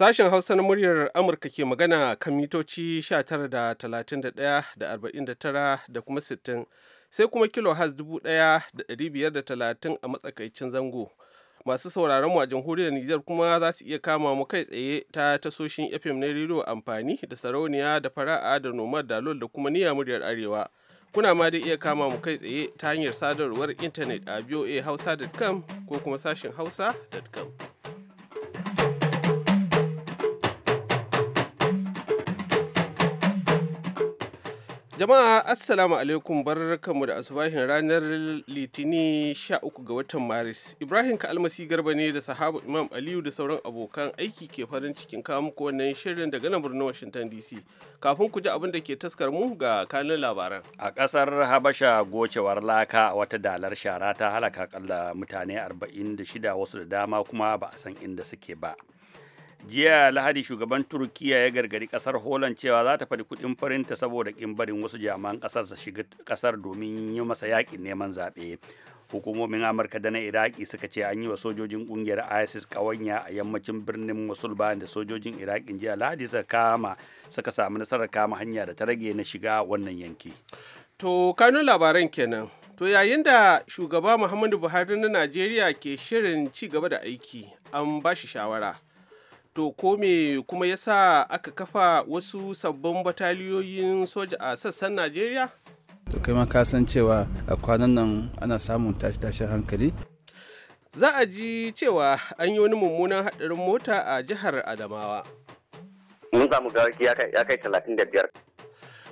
Sashen Hausa na muryar Amurka ke magana kan mitoci 19 da da kuma 60 sai kuma kilo has 1530 a matsakaicin zango. Masu sauraron mu a jamhuriyar Nijar kuma za su iya kama mu kai tsaye ta tasoshin FM na rediyo amfani da sarauniya da fara'a da nomar dalol da kuma niyya muryar arewa. Kuna ma dai iya kama mu kai tsaye ta hanyar sadarwar intanet a boahausa.com ko kuma sashen hausa.com. Jama'a Assalamu alaikum barkanmu da asubahin ranar Litini 13 ga watan Maris. Ibrahim Kalmasi Garba ne da sahabu Imam Aliyu da sauran abokan aiki ke farin cikin kawo muku wannan shirin daga nan birnin Washington DC. Kafin ku ji abin da ke taskar mu ga kanun labaran. A kasar Habasha gocewar laka wata dalar shara ta halaka kalla mutane 46 wasu da dama kuma ba a san inda suke ba. jiya lahadi shugaban turkiya ya gargadi kasar holland cewa za ta faɗi kuɗin farinta saboda ƙimbarin wasu jami'an ƙasar sa shiga ƙasar domin yi masa yakin neman zaɓe hukumomin amurka da na iraki suka ce an yi wa sojojin ƙungiyar isis ƙawanya a yammacin birnin mosul bayan da sojojin iraki jiya lahadi suka kama suka samu nasarar kama hanya da ta rage na shiga wannan yanki to kanun labaran kenan To yayin da shugaba Muhammadu Buhari na Najeriya ke shirin ci gaba da aiki, an ba shi shawara. to ko me kuma yasa aka kafa wasu sabbin bataliyoyin soja a sassan najeriya to kai ma ka san cewa a kwanan nan ana samun tashi-tashin hankali za a ji cewa an yi wani mummunan haɗarin mota a jihar adamawa mun samu ya kai talatin da biyar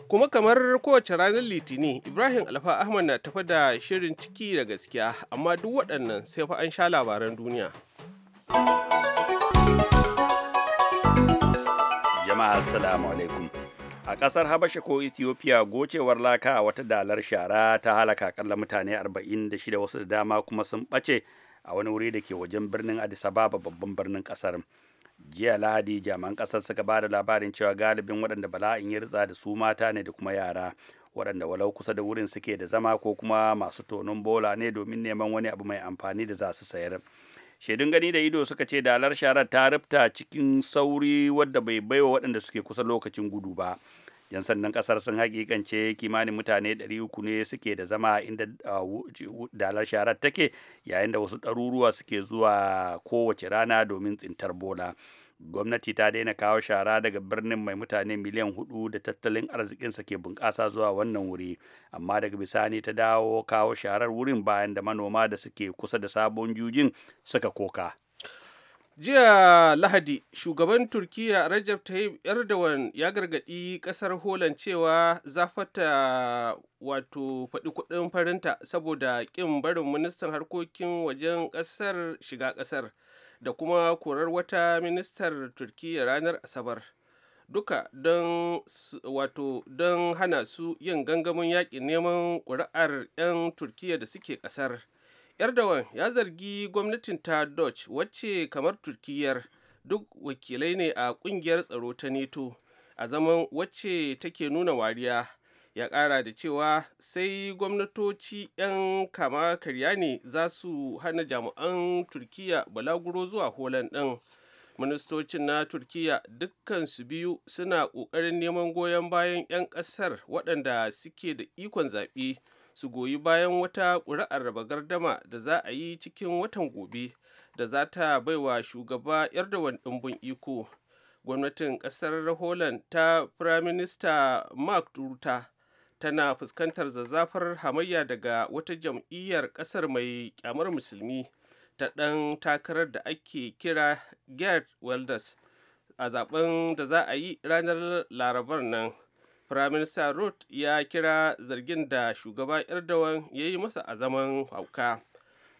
kuma kamar kowace ranar litini ibrahim alfa ahmad na tafa da shirin ciki da gaskiya amma duk waɗannan sai fa an sha labaran duniya assalamu alaikum a ƙasar habasha ko ethiopia gocewar laka a wata dalar shara ta halaka akalla mutane 46 wasu da dama kuma sun ɓace a wani wuri da ke wajen birnin addis ababa babban birnin ƙasar. jiya lahadi jami'an ƙasar suka ba da labarin cewa galibin waɗanda bala'in ya ritsa da su mata ne da kuma yara waɗanda walau kusa da wurin suke da zama ko kuma masu tonon bola ne domin neman wani abu mai amfani da za su sayar shaidun gani da ido suka ce dalar sharar ta rufta cikin sauri wadda bai baiwa waɗanda suke kusa lokacin gudu ba yan sandan kasar sun hakikance kimanin mutane 300 ne suke da zama inda dalar sharar take yayin da wasu ɗaruruwa suke zuwa kowace rana domin tsintar bola gwamnati ta daina kawo shara daga birnin mai mutane miliyan hudu da tattalin arzikinsa ke bunƙasa zuwa wannan wuri amma daga bisani ta dawo kawo sharar wurin bayan da manoma da suke kusa da sabon jujin suka koka jiya lahadi shugaban turkiya rajab tayyip erdogan ya gargadi kasar holan cewa zafata wato faɗi kuɗin farinta saboda ƙin barin ministan harkokin wajen ƙasar shiga ƙasar da kuma korar wata ministar turkiyya ranar asabar duka don hana su yin gangamin yaƙin neman ƙuri'ar 'yan turkiyya da suke ƙasar erdogan ya zargi gwamnatin ta dutch wacce kamar turkiyyar duk wakilai ne a ƙungiyar tsaro ta neto a zaman wacce take nuna wariya ya ƙara da cewa sai gwamnatoci 'yan kama karya ne za su hana jami'an turkiya balaguro zuwa holan ɗin ministocin na turkiya su biyu suna ƙoƙarin neman goyon bayan 'yan ƙasar waɗanda suke da ikon zaɓe su goyi bayan wata ƙuri'ar raba gardama da za a yi cikin watan gobe da za ta baiwa shugaba yardawan ɗimbin iko gwamnatin ƙasar holand ta firaminista mark ruta tana fuskantar zazzafar hamayya daga wata jam'iyyar kasar mai kyamar musulmi ta ɗan takarar da ake kira gerd welders a zaben da za a yi ranar larabar nan firaminista root ya kira zargin da shugaba erdogan ya yi masa a zaman hauka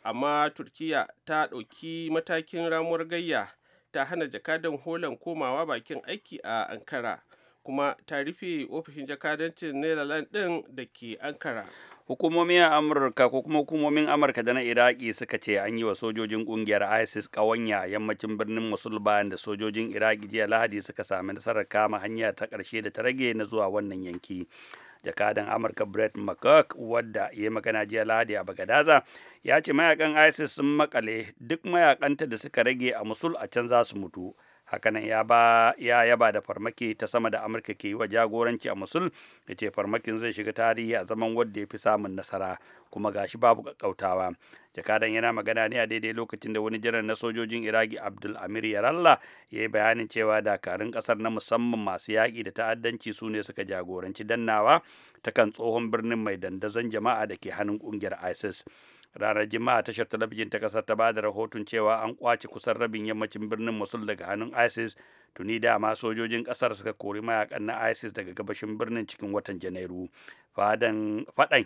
amma turkiya ta ɗauki matakin ramuwar gayya ta hana jakadan holan komawa bakin aiki a ankara kuma ta rufe ofishin jakadancin netherlands din da ke ankara hukumomi a amurka ko kuma hukumomin amurka da na iraki suka ce an yi wa sojojin kungiyar isis kawanya yammacin birnin musul bayan da sojojin iraki jiya lahadi suka sami nasarar kama hanya ta karshe da ta rage na zuwa wannan yanki jakadan amurka brett mccook wadda ya yi magana jiya lahadi a bagadaza ya ce mayakan isis sun makale duk mayakanta da suka rage a musul a can za su mutu hakanan ya ba ya yaba da farmaki ta sama da amurka ke yi wa jagoranci a musul ya ce farmakin zai shiga tarihi a zaman wadda ya fi samun nasara kuma gashi babu kakkautawa jakadan yana magana ne a daidai lokacin da wani jiran na sojojin iraki abdul amir yaralla ya yi bayanin cewa dakarun kasar na musamman masu yaƙi da ta'addanci su ne suka jagoranci dannawa ta kan tsohon birnin mai dandazon jama'a da ke hannun ƙungiyar isis ranar jima'a tashar talabijin ta kasar ta ba da rahoton cewa an kwace kusan rabin yammacin birnin musul daga hannun isis tuni da ma sojojin kasar suka kori mayakan na isis daga gabashin birnin cikin watan janairu fadan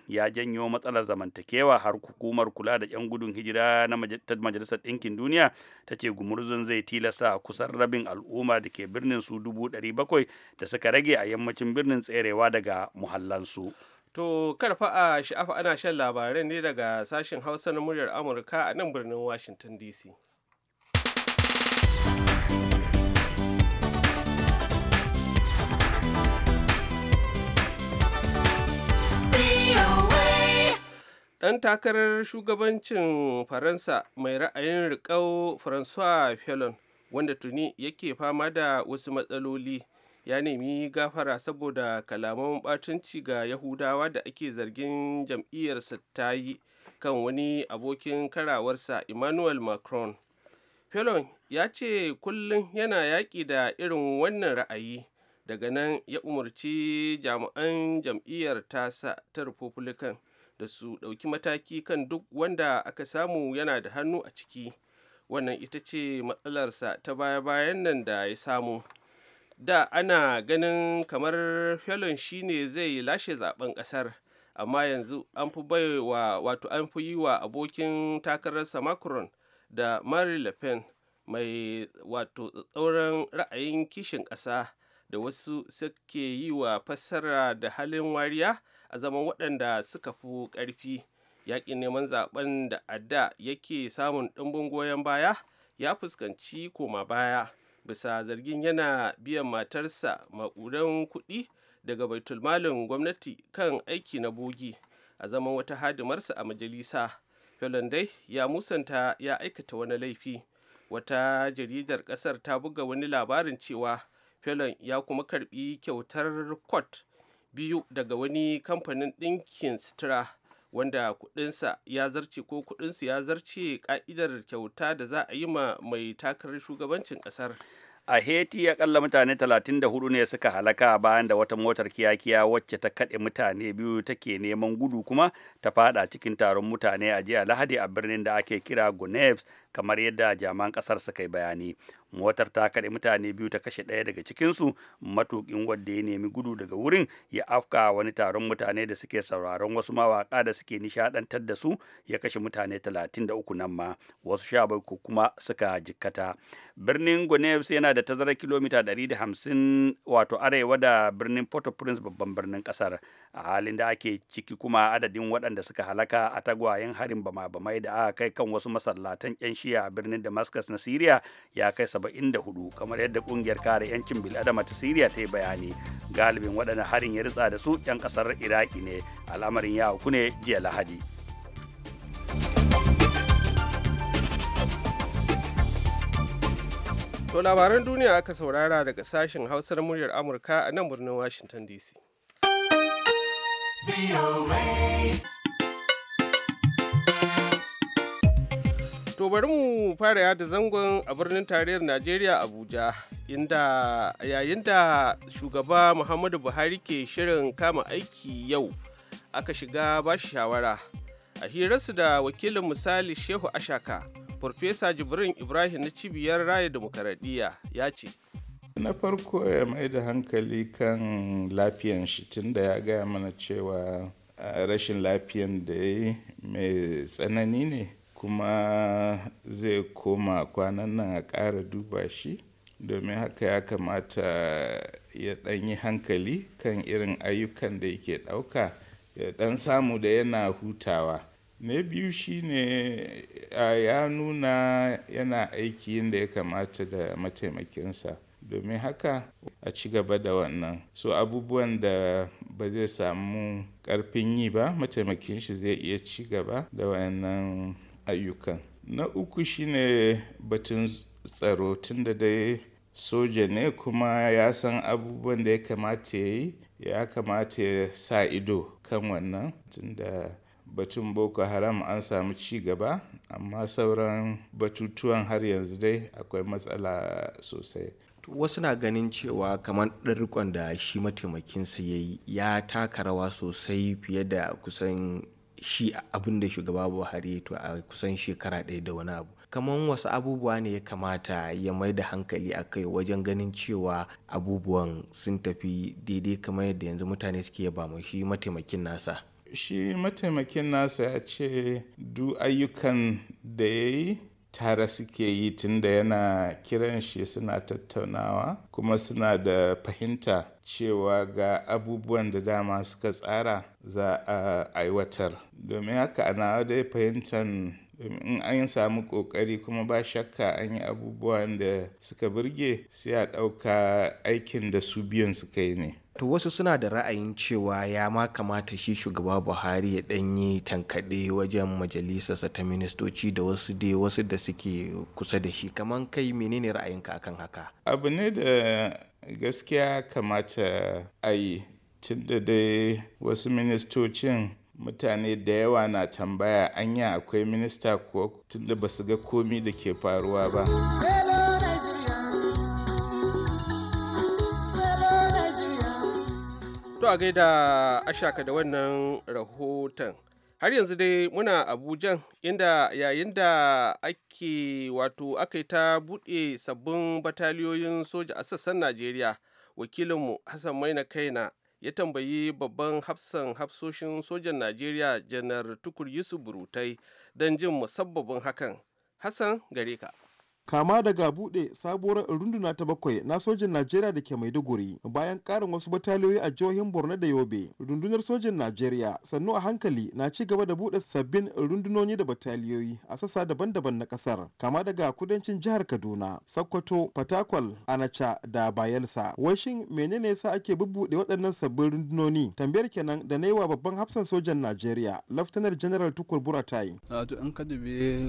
ya janyo matsalar zamantakewa har hukumar kula da yan gudun hijira na majalisar ɗinkin duniya ta ce gumurzun zai tilasta kusan rabin al'umma da ke birnin su dubu ɗari bakwai da suka rage a yammacin birnin tserewa daga muhallansu To karfa a sha'afa ana shan labarai ne daga sashen Hausa na muryar Amurka a nan birnin Washington DC. Ɗan takarar shugabancin Faransa mai ra'ayin riƙau François Fillon wanda tuni yake fama da wasu matsaloli ya nemi gafara saboda kalaman batunci ga yahudawa da ake zargin jam'iyyarsa ta yi kan wani abokin karawarsa emmanuel macron felon ya ce kullum yana yaƙi da irin wannan ra'ayi daga nan ya umarci jami'an jam'iyyar tasa ta republican da su ɗauki mataki kan duk wanda aka samu yana da hannu a ciki wannan ita ce matsalarsa ta baya-bayan nan da ya samu da ana ganin kamar felon shine zai lashe zaben kasar amma yanzu an fi baiwa wato an fi yi wa abokin takararsa macron da marie le pen mai wato tsauran ra'ayin kishin ƙasa da wasu suke yi wa fassara da halin wariya a zaman waɗanda suka fi ƙarfi yaƙin neman zaben da adda yake samun ɗumbin goyon baya ya fuskanci koma baya bisa zargin yana biyan matarsa makudan kuɗi daga baitulmalin gwamnati kan aiki na bogi a zaman wata hadimarsa a majalisa dai ya musanta ya aikata wani laifi wata jaridar ƙasar ta buga wani labarin cewa felon ya kuma karbi kyautar kwat biyu daga wani kamfanin ɗinkin stra wanda kudinsa ya zarce ko kudinsu ya zarce ka'idar kyauta da za a yi ma mai takarar shugabancin kasar a haiti kalla mutane 34 ne suka halaka bayan da wata motar kiyakiya wacce ta kaɗe mutane biyu take neman gudu kuma ta fada cikin taron mutane a jiya lahadi a birnin da ake kira guneves kamar yadda jaman ƙasar suka yi bayani motar ta kaɗe mutane biyu ta kashe ɗaya daga cikinsu matuƙin wanda ya nemi gudu daga wurin ya afka wani taron mutane da suke sauraron wasu mawaƙa da suke nishaɗantar da su ya kashe mutane talatin da uku nan ma wasu sha bakwai kuma suka jikkata birnin goneves yana da tazarar kilomita ɗari da hamsin wato arewa da birnin port-au-prince babban birnin ƙasar a halin da ake ciki kuma adadin waɗanda suka halaka a tagwayen harin bama-bamai da aka kai kan wasu masallatan 'yan shiya a birnin damascus na syria ya kai 74 kamar yadda kungiyar kare 'yancin bil'adama ta siriya ta yi bayani galibin waɗanda harin ya ritsa da su 'yan ƙasar iraki ne al'amarin ya hauku ne jiya lahadi To labaran duniya aka saurara daga sashen hausar muryar Amurka a nan birnin Washington DC. To bari mu fara yada zangon a birnin tarayyar Najeriya Abuja inda yayin da shugaba Muhammadu Buhari ke shirin kama aiki yau aka shiga ba shi shawara. A hirarsu da wakilin misali Shehu Ashaka, Farfesa Jibrin Ibrahim na cibiyar raya demokaradiyya ya ce. Na farko ya mai da hankali kan lafiyan shi tunda ya gaya mana cewa rashin lafiyan da ya yi mai tsanani ne. kuma zai koma kwanan nan a ƙara duba shi domin haka ya kamata ya ɗan yi hankali kan irin ayyukan da yake ɗauka ya ɗan samu da yana hutawa na biyu shine ya nuna yana aiki da ya kamata da mataimakinsa domin haka a ci gaba da wannan so abubuwan da ba zai samu karfin yi ba mataimakin shi zai iya ci gaba da wannan ayyukan na uku shine batun tsaro tunda dai soja ne kuma ya san abubuwan da ya kamata ya yi ya kamata ya sa ido kan wannan tunda batun boko haram an samu ci gaba amma sauran batutuwan har yanzu dai akwai matsala sosai wasu na ganin cewa kamar ɗarikon da shi mataimakinsa ya ya taka rawa sosai fiye da kusan shi abin da shugaba buhari to a kusan shekara ɗaya da wani abu kamar wasu abubuwa ne ya kamata ya mai da hankali a kai wajen ganin cewa abubuwan sun tafi daidai kamar yadda yanzu mutane suke yaba mu shi mataimakin nasa shi mataimakin nasa ya ce du ayyukan da ya yi tare suke yi tunda yana kiran shi suna tattaunawa kuma suna da fahimta cewa ga abubuwan da dama suka tsara za a aiwatar domin haka ana dai fahimtar in an samu kokari kuma ba shakka an yi abubuwan da suka burge sai a ɗauka aikin da su biyan suka yi ne to wasu suna da ra'ayin cewa ya ma kamata shi shugaba buhari ya ɗanyi tankaɗe wajen majalisarsa ta ministoci da wasu dai wasu da suke kusa da shi kamar kai menene ra'ayinka akan haka abu ne da gaskiya kamata a yi tunda dai wasu ministocin mutane da yawa na tambaya anya akwai minista ko tunda ba su ga komi da ke faruwa ba to a gaida ashaka da wannan rahoton har yanzu dai muna abuja inda yayin da ake wato aka ta buɗe sabbin bataliyoyin soja a sassan najeriya wakilinmu hassan maina kaina ya tambayi babban hafsan hafsoshin sojan najeriya janar tukur yusuf burutai don jin musabbabin hakan hassan gare ka kama daga buɗe sabuwar runduna ta bakwai na sojin najeriya da ke maiduguri bayan ƙarin wasu bataliyoyi a jihohin borno da yobe rundunar sojin najeriya sannu a hankali na ci gaba da buɗe sabbin rundunoni da bataliyoyi a sassa daban-daban na ƙasar kama daga kudancin jihar kaduna sokoto fatakwal anacha da bayelsa wai shin menene yasa ake bubude waɗannan sabbin rundunoni tambayar kenan da na wa babban hafsan sojan najeriya laftanar general tukur buratai eh,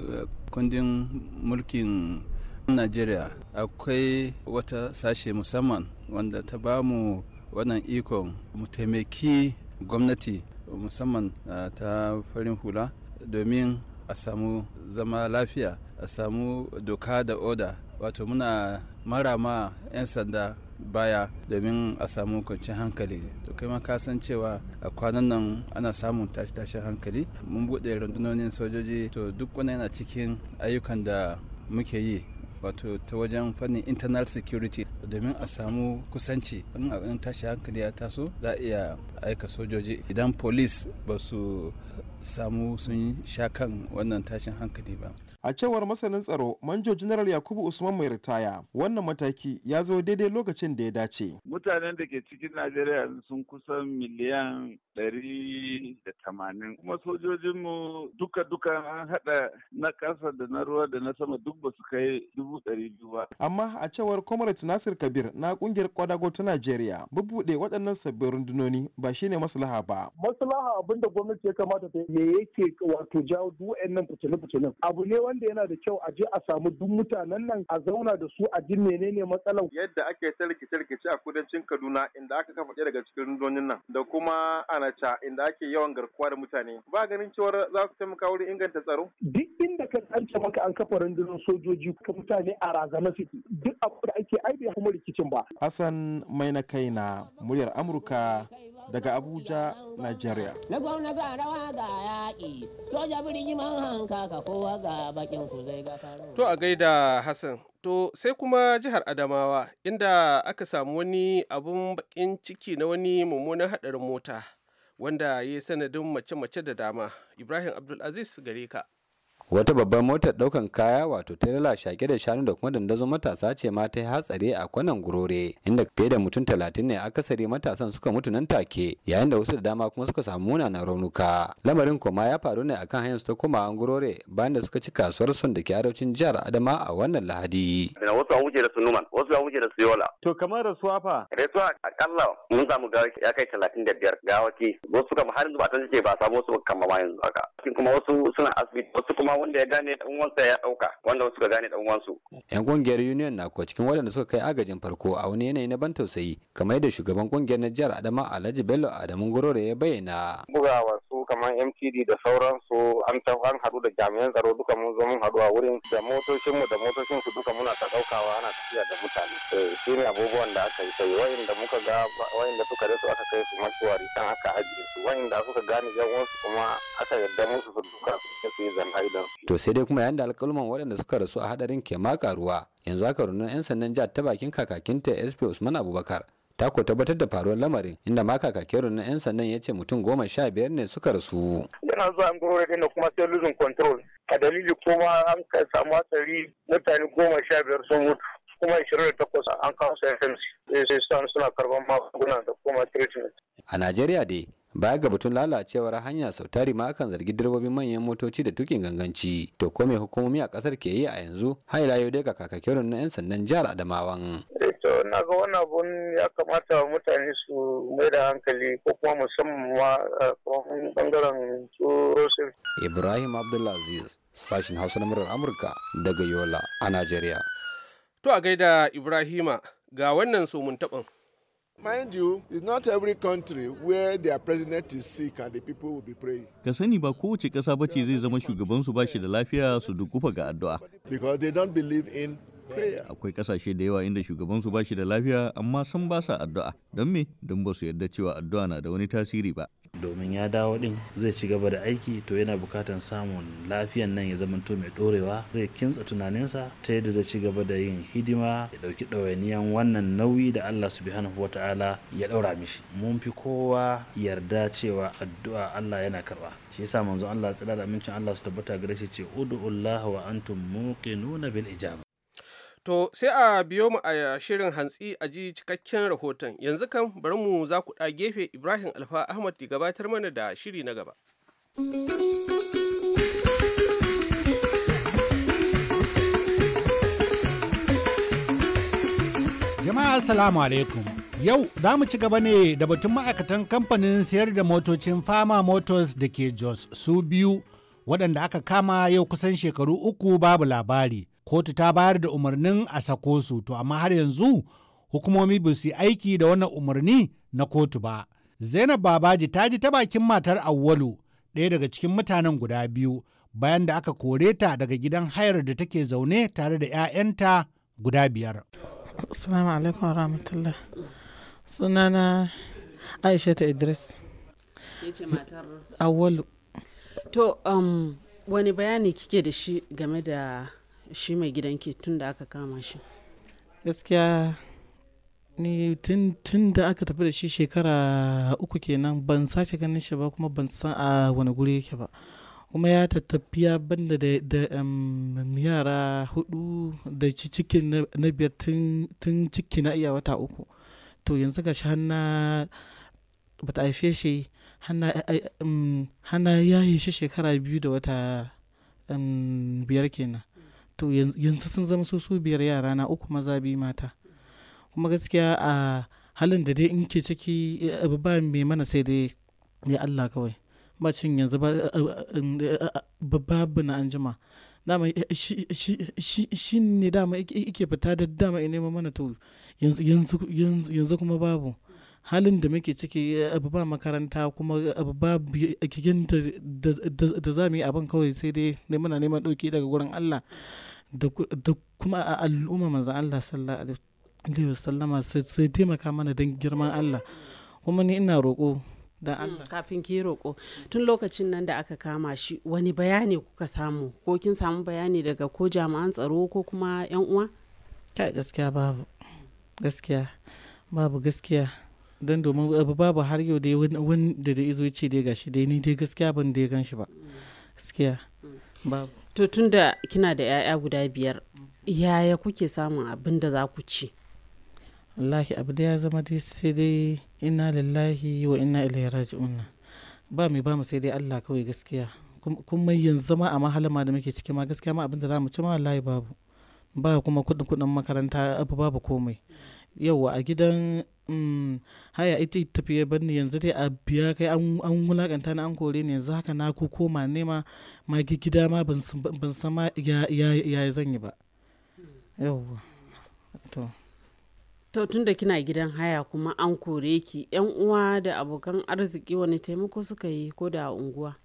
kundin mulkin Najeriya akwai wata sashe musamman wanda ta ba mu wannan ikon mu taimaki gwamnati musamman ta farin hula domin a samu zama lafiya a samu doka da oda wato muna marama 'yan sanda baya domin a samu kwanciyar hankali to kai ma ka san cewa a kwanan nan ana samun tashi-tashin hankali mun buɗe rundunonin sojoji to duk wani yana cikin ayyukan da muke yi wato ta wajen fannin internal security domin a samu kusanci in tashi hankali ya taso za a iya aika sojoji idan polis ba su samu sun sha kan wannan tashin hankali ba. A cewar masanin tsaro, Manjo General Yakubu Usman mai ritaya, wannan mataki ya zo daidai lokacin da ya dace. Mutanen da ke cikin Najeriya sun kusan miliyan ɗari da tamanin. Kuma sojojinmu duka-duka an haɗa na ƙasa da na ruwa da na sama duk ba su kai dubu ɗari biyu ba. Amma a cewar Comrade Nasir kabir na kungiyar kwadago ta najeriya bubuɗe waɗannan sabbin rundunoni ba shine maslaha ba maslaha abinda gwamnati ya kamata ta yi yake wato jawo duk waɗannan fitinin-fitinin abu ne wanda yana da kyau a je a samu duk mutanen nan a zauna da su a ji menene matsalar yadda ake ta rikice a kudancin kaduna inda aka kafa daga cikin rundunonin nan da kuma anacha inda ake yawan garkuwa da mutane ba ganin cewar za su taimaka wurin inganta tsaro duk inda ka tsance maka an kafa rundunar sojoji ko mutane a razana suke duk abu da ake aibe kuma rikicin ba. Hassan mai na kai na muryar Amurka daga Abuja, Najeriya. Na gwamna ga rawa ga yaƙi, soja birni man hanka ka kowa ga bakin ku zai ga To a gaida Hassan, to sai kuma jihar Adamawa inda aka samu wani abun bakin ciki na wani mummunan haɗarin mota wanda ya yi sanadin mace-mace da dama. Ibrahim Abdulaziz gare ka. wata babbar motar daukan kaya wato ta tirela shake da shanu da kuma dandazon matasa ce ma ta yi hatsari a kwanan gurore inda fiye da mutum talatin ne akasari matasan suka mutu nan take yayin da wasu da dama kuma suka samu munanan raunuka lamarin kuma ya faru ne akan hanyar su ta koma an gurore bayan da suka ci kasuwar sun da ke arewacin jihar adama a wannan lahadi. wasu an wuce da sunuman wasu an wuce da yola. to kamar rasuwa fa. rasuwa akalla mun samu gawa ya kai talatin da biyar gawaki wasu kama har yanzu ba ta ce ba samu wasu kama ma yanzu haka. kuma wasu suna asibiti wasu kuma wanda ya gane dan uwansa ya dauka wanda suka gane dan uwansu yan kungiyar union na kuwa cikin waɗanda suka kai agajin farko a wani yanayi na ban tausayi kamar yadda shugaban kungiyar na jihar adama alhaji bello adamu gorore ya bayyana bugawa kamar mtd da sauransu an an haɗu da jami'an tsaro duka mun zo mun haɗu a wurin da motocin mu da motocin su duka muna ta ɗaukawa ana tafiya da mutane eh, shi ne abubuwan da aka yi sai wa'inda muka ga wa'inda suka rasu aka kai su mashuwari dan aka ajiye su wa'inda suka gane yan wasu kuma aka yarda musu su duka su yi zan idan to sai dai kuma yayin da alƙalman waɗanda suka rasu a haɗarin ke maka ruwa yanzu aka runa 'yan sandan jihar ta bakin kakakin ta sp usman abubakar ta ko tabbatar da faruwar lamarin inda ma kakakin na 'yan sandan ya ce mutum goma sha biyar ne suka rasu. Yana zuwa an gurore da kuma sai losing control. A dalili kuma an samu hatsari mutane goma sha biyar sun mutu. kuma 28 an kawo su FMC sai suna karban magunguna da kuma treatment. A Najeriya dai baya ga batun lalacewar hanya sau tari ma akan zargi direbobin manyan motoci da tukin ganganci to ko me hukumomi a kasar ke yi a yanzu har ila yau dai ga kakakirin na yan sandan jihar Adamawan eh to na ga wannan abun ya kamata mutane su mai da hankali ko kuma musamman ma bangaren eh, su Ibrahim Abdulaziz sashin Hausa na Amurka daga Yola a Najeriya to a gaida Ibrahima ga wannan somun taɓin. not Ka sani ba kowace ƙasa ba ce zai zama shugabansu ba shi da lafiya su dukufa ga addu'a. Akwai ƙasashe da yawa inda shugabansu ba shi da lafiya amma san ba sa addu'a. Don me? Don ba su yarda cewa addu'a na da wani tasiri ba. domin ya dawo din zai ci gaba da aiki to yana bukatan samun lafiyan nan ya zamanto mai dorewa zai kimtsa tunaninsa ta yadda zai ci gaba da yin hidima ya dauki ɗawainiyan wannan nauyi da Allah subhanahu ta'ala ya daura mishi mun fi kowa yarda cewa addu'a Allah yana karba shi yasa manzon Allah tsira da amincin Allah su tabbata gare shi ce ud'ullaha wa antum muqinuna bil ijaba To sai a biyo mu a shirin hantsi a ji cikakken rahoton. Yanzu kan bari mu za ku ɗa gefe Ibrahim Alfa Ahmad ya gabatar mana da shiri na gaba. Jama'a Assalamu alaikum. Yau za mu ci gaba ne da batun ma'aikatan kamfanin sayar da motocin Fama Motors da ke Jos su biyu waɗanda aka kama yau kusan shekaru uku babu labari. kotu ta bayar da umarnin a sako su to amma har yanzu hukumomi ba su yi aiki da wannan umarni na kotu ba zainab babaji ta ji ta bakin matar awwalu ɗaya daga cikin mutanen guda biyu bayan da aka kore ta daga gidan hayar da take zaune tare da 'ya'yanta guda biyar assalamu alaikum sunana aisha ta idris to um, wani bayani kike da shi game da shi mai ke tun da aka kama shi gaskiya ni tun da aka tafi da shi shekara uku kenan ban sace ganin shi ba kuma ban san a wani guri yake ba kuma ya tattafi ya banda da, da yara hudu da cikin na biyar tun ciki na iya wata uku to yanzu ga shi hanna bata haife shi hana eh, eh, ya yi shi shekara biyu da wata biyar kenan to yanzu sun zama su su biyar yara na uku maza biyu mata kuma gaskiya a halin da dai in ke ciki eh, ba mai mana sai dai ya Allah kawai ba cin yanzu eh, eh, babu na anjima dama shi ne dama ike fita da dama ya nema mana to yanzu kuma babu halin da muke ciki abu ba makaranta kuma abu ba gigin da za mu yi abin kawai sai dai muna neman ɗauki daga gurin Allah da kuma a al'umma maza Allah sallallahu alaihi wasallama sai taimaka mana don girman Allah kuma ni ina roƙo da hmm, Allah kafin ki roƙo tun lokacin nan da aka kama shi wani bayani kuka samu ko kin samu bayani daga ko jami'an tsaro ko kuma yan uwa kai gaskiya babu gaskiya babu gaskiya don domin abu babu har yau dai wanda da izo ce dai gashi dai ni dai gaskiya ban dai gan shi ba gaskiya babu to tun da kina da 'ya'ya guda biyar yaya kuke samun abin da za ku ci wallahi abu da ya zama dai sai dai inna lillahi wa inna ilaihi raji'un ba mai ba mu sai dai Allah kawai gaskiya kuma yanzu ma a mahalama da muke ciki ma gaskiya ma abin da za mu ci ma wallahi babu ba kuma kudin kudin makaranta abu babu komai yauwa a gidan mm, haya ita tafi ban banni yanzu dai a biya kai an wulaƙanta na an kore ne yanzu haka na ku koma nema ma gida ma ban san ma ya zan yi ba yauwa to to tun da kina gidan haya kuma an kore ki yan uwa da abokan arziki wani taimako suka yi ko da unguwa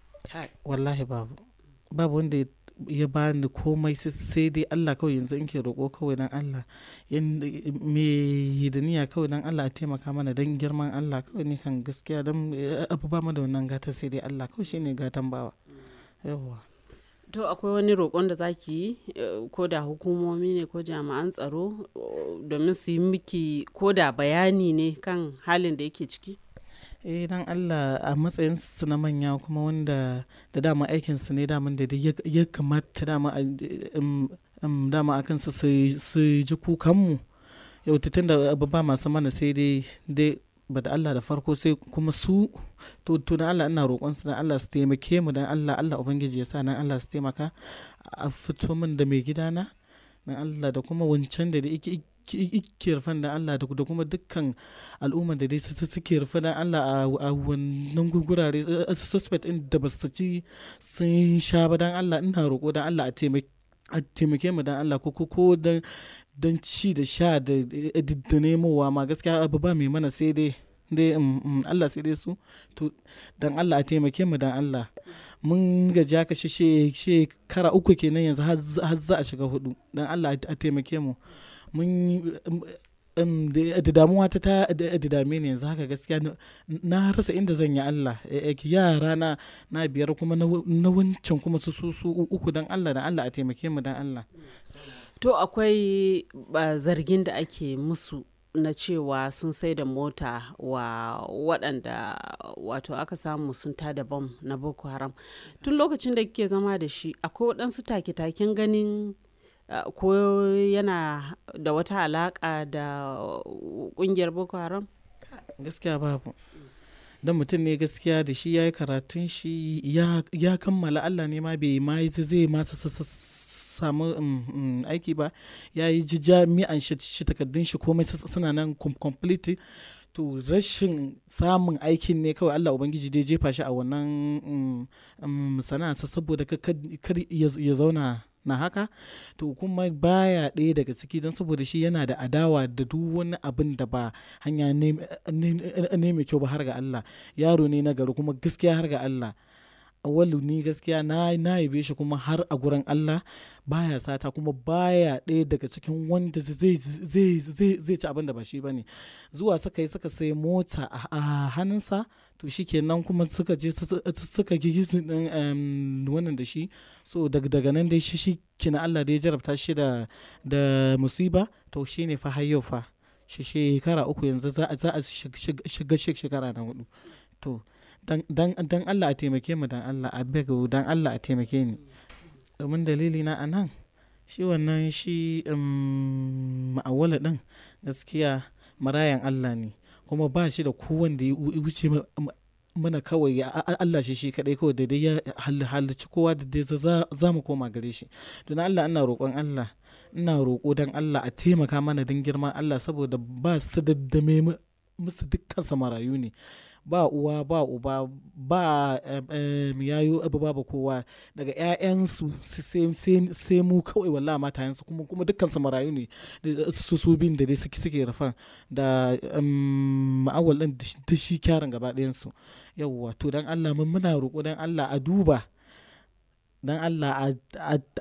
wallahi babu babu wanda ya bani komai sai dai Allah kawai yanzu in ke roƙo kawai dan Allah me hidaniya kawai dan Allah a taimaka mana dan girman Allah kawai ne kan gaskiya dan eh, abu ba mu da wannan gata sai dai Allah kawai shine gatan bawa yawa to akwai wani roƙon da zaki yi eh, ko da hukumomi ne ko jami'an tsaro eh, domin su yi miki ko da bayani ne kan halin da yake ciki eh dan Allah a matsayin su na manya kuma wanda da dama aikin su ne daman da ya kamata dama dama akan su su ji kukan mu yau tun da ba masu mana sai dai dai ba da Allah da farko sai kuma su to to dan Allah ina roƙon su dan Allah su taimake mu dan Allah Allah ubangiji ya sa nan Allah su taimaka a fito min da mai gidana dan Allah da kuma wancan da yake ke rufan da Allah da kuma dukkan al'ummar da dai suke rufan da Allah a wannan gurare suspect in da ba su ci sun sha ba dan Allah ina roƙo dan Allah a taimake a taimake mu dan Allah ko ko dan dan ci da sha da da nemowa ma gaskiya abu ba mai mana sai dai dai mm, mm, Allah sai dai su to dan Allah a taimake mu dan Allah mun ga haka shi shekara uku kenan yanzu har za a shiga hudu don allah a taimake mu mun um, da damuwa ta ta da dame ne yanzu haka gaskiya na rasa inda zan yi Allah eh, eh, yara na na biyar kuma na wancan kuma su su uku dan Allah dan Allah a taimake mu dan Allah to akwai zargin da ake musu na cewa sun sai da mota wa waɗanda wato aka samu sun da bom na boko haram tun lokacin da kike zama da shi akwai waɗansu take-taken ganin ko yana da wata alaƙa da ƙungiyar boko haram gaskiya babu don mutum ne gaskiya da shi ya yi karatun shi ya kammala allah ne ma bai yi ma zai masa samu um, um, aiki ba ya yi ji jami'an shi takardun shi komai suna nan complete to rashin samun aikin ne kawai Allah Ubangiji dai jefa shi a wannan um, sana'a saboda kar ya zauna na haka to kuma baya ɗaya daga ciki don saboda shi yana da adawa da duk wani abin da ba hanya ne mai kyau ba har ga Allah yaro ne na gari kuma gaskiya har ga Allah awwalu ni gaskiya na na yabe shi kuma har a gurin Allah baya sata kuma baya ɗaya daga cikin wanda zai zai zai zai ci abin da ba shi bane zuwa suka yi suka sai mota a hannunsa to shikenan kuma suka je suka su din wannan da shi so daga daga nan dai shi shi kina Allah da ya jarabta shi da da musiba to shine fa hayyo fa shekara uku yanzu za a shiga shekara na hudu to dan Allah a taimake mu dan Allah a begu dan Allah a taimake ni domin dalili na anan shi wannan shi um, ma'awala din gaskiya marayan Allah ne kuma ba shi da kowanda ya wuce mana kawai Allah shi shi kadai kawai daidai ya halarci kowa da dai za mu koma gare shi don Allah ina roƙon Allah ina roƙo don Allah a taimaka mana don girma Allah saboda ba su da musu dukkan samarayu ne ba uwa ba uba ba yayo abu babu kowa daga 'ya'yansu sai mu kawai walla matayensu kuma kuma dukkan su marayu ne su su bin da dai suke rafan da ma'awal ɗin da shi kyaran gaba ɗayansu yawwa to don Allah mun muna roƙo don Allah a duba don Allah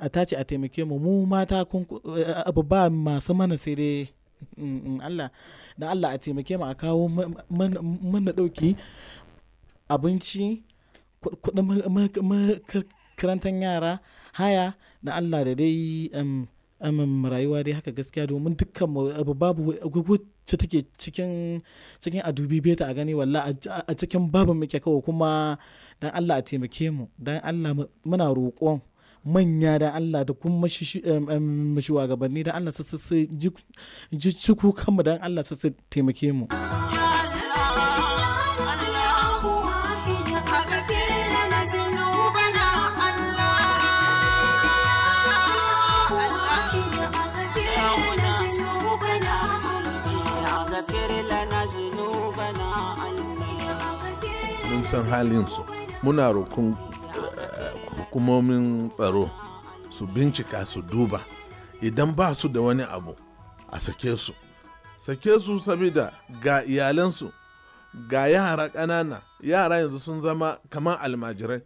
a tace a taimake mu mu mata eh, abu ba masu mana sai dai Allah dan Allah a taimake mu a kawo mana dauki abinci kudin makarantar yara haya da Allah da dai amin um, um, um, rayuwa dai haka gaskiya domin dukkan abu babu wacce take cikin cikin a dubi beta a gani walla a cikin babu muke kawo kuma dan Allah a taimake mu dan Allah muna roƙon manya da Allah da kuma shugabanni da Allah su ji ciku kanmu don Allah su taimake mu. Mun san halinsu, muna roƙon hukumomin tsaro su bincika su duba idan ba su da wani abu a sake su sake su saboda ga iyalansu ga yara ƙanana yara yanzu sun zama kamar almajirai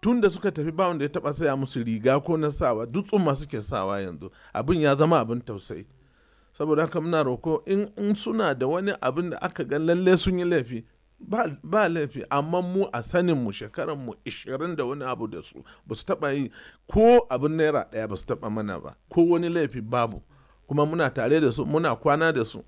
tun da suka tafi bawon da ya taba saya musu riga ko na sawa dutsun masu suke sawa yanzu abin ya zama abin tausayi saboda haka muna roko in, in suna da wani abin da aka ga lalle sun yi laifi ba, laifi amma mu a sanin mu shekaran mu 20 da wani abu da su ba su taba yi ko abin naira daya ba su taba mana ba ko wani laifi babu kuma muna tare da su muna kwana da su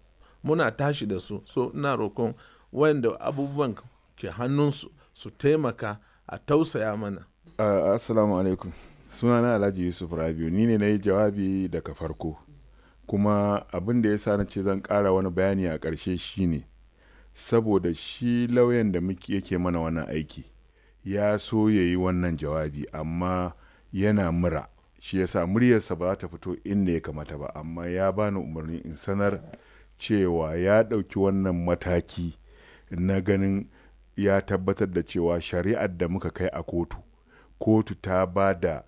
muna tashi da su so ina roƙon wanda abubuwan ke hannunsu su taimaka a tausaya mana uh, assalamu alaikum sunana alhaji yusuf rabiu ni ne na yi jawabi daga farko kuma abin da ya sa na ce zan ƙara wani bayani a ƙarshe shine ne saboda shi lauyan da muke yake mana wannan aiki ya so ya yi wannan jawabi amma yana mura shi ya sa muryarsa ba ta fito inda ya kamata ba amma ya bani umarni in sanar cewa ya ɗauki wannan mataki na ganin ya tabbatar da cewa shari'ar da muka kai a kotu kotu ta ba da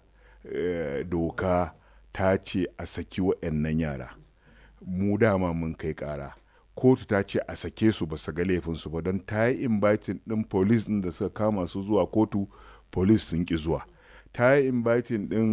eh, doka ta ce a saki waɗannan yara mu dama mun kai ƙara kotu ta ce a sake su ba su ga laifinsu ba don ta yi inviting ɗin polis ɗin da suka kama su zuwa kotu polis sun ki zuwa ta yi inviting ɗin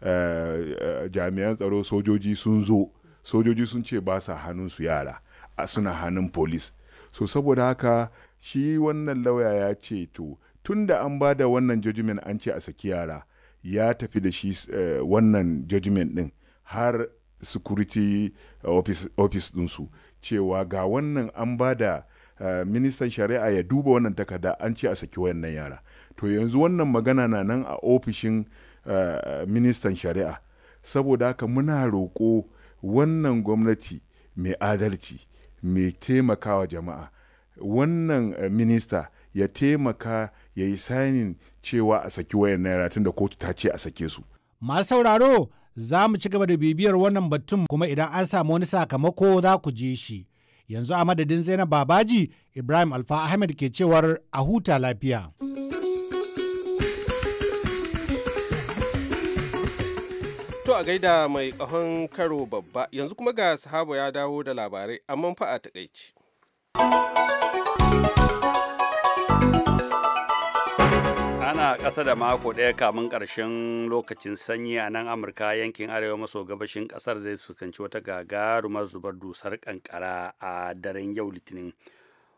eh, eh, jami'an tsaro sojoji sun zo sojoji sun ce ba sa hannun su yara a suna hannun polis so saboda haka shi wannan lauya ya ce to tun da an ba da wannan judgment an ce a saki yara ya tafi da shi eh, wannan judgment ɗin har security office ɗinsu. cewa ga wannan an ba da eh, ministan shari'a ya duba wannan takarda an ce a saki wayannan yara to yanzu wannan magana na nan a ofishin eh, ministan shari'a saboda haka muna roƙo wannan gwamnati mai adalci mai taimakawa jama'a wannan eh, minista ya taimaka ya yi sainin cewa a saki wayannan yara tunda kotu ta ce a sake su masu sauraro za mu ci gaba da bibiyar wannan batun kuma idan an samu wani sakamako za ku je shi. Yanzu a madadin Zainab Babaji, Ibrahim Alfa Ahmed ke cewar a huta lafiya. To a gaida mai ƙahon karo babba yanzu kuma ga sahaba ya dawo da labarai amma fa a takaici. kasa da mako ɗaya kamun ƙarshen lokacin sanyi a nan Amurka yankin arewa maso gabashin ƙasar zai fuskanci wata gagarumar zubar dusar ƙanƙara a daren yau Litinin.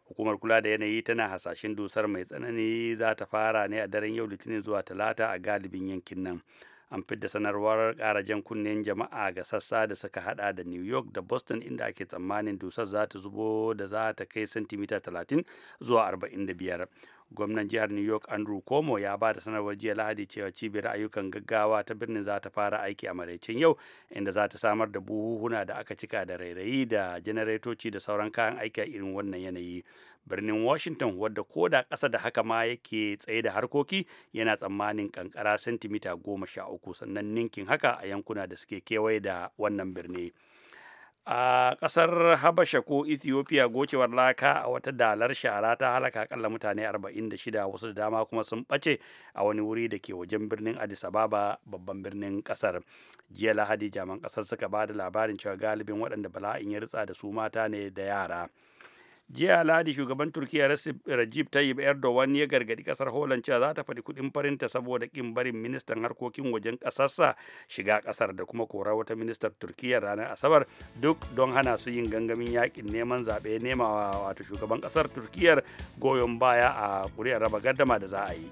Hukumar kula da yanayi tana hasashen dusar mai tsanani za ta fara ne a daren yau Litinin zuwa Talata a galibin yankin nan. An fidda sanarwar ƙara jan kunnen jama'a ga sassa da suka hada da New York da Boston inda ake tsammanin dusar za ta zubo da za ta kai santimita 30 zuwa 45. gwamnan jihar new york andrew cuomo ya ba da sanarwar jiya lahadi cewa cibiyar ayyukan gaggawa ta birnin za ta fara aiki a maraicin yau inda za ta samar da buhuhuna da aka cika da rairayi da janaretoci da sauran kayan aiki a irin wannan yanayi birnin washington wadda ko da ƙasa da haka ma yake tsaye da harkoki yana tsammanin kankara sentimita goma sha uku sannan ninkin haka a yankuna da suke kewaye da wannan birni. a kasar habasha ko ethiopia gocewar laka a wata dalar shara ta halaka akalla mutane 46 wasu da dama kuma sun bace a wani wuri da ke wajen birnin addis ababa babban birnin kasar jiya lahadi jaman kasar suka ba da labarin cewa galibin waɗanda bala'in ya ritsa da su mata ne da yara jiya ladi shugaban turkiya rajib tayyip wani ya gargadi kasar holland cewa za ta faɗi kuɗin farinta saboda ƙin barin ministan harkokin wajen ƙasarsa shiga ƙasar da kuma kora wata ministar turkiya ranar asabar duk don hana su yin gangamin yaƙin neman zaɓe nema wato shugaban ƙasar turkiyar goyon baya a ƙuri'ar raba gardama da za a yi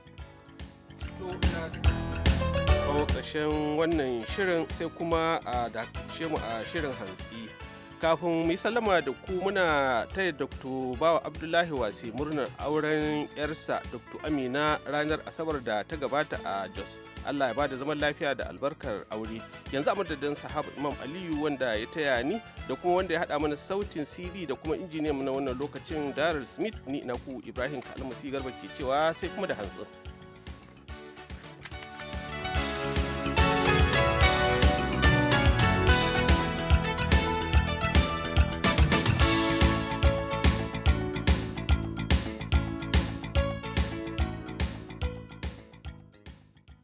ƙarshen wannan shirin sai kuma a mu a shirin hantsi kafin mu yi sallama da ku muna taya dr bawa abdullahi wasi murnar auren yarsa dr amina ranar asabar da ta gabata a jos allah ya ba da zaman lafiya da albarkar aure yanzu a madadin sahaba imam aliyu wanda ya taya ni da kuma wanda ya haɗa mana sautin cd da kuma injiniyan na wannan lokacin darar smith ni na ku ibrahim kalmasi garba ke cewa sai kuma da hantsi.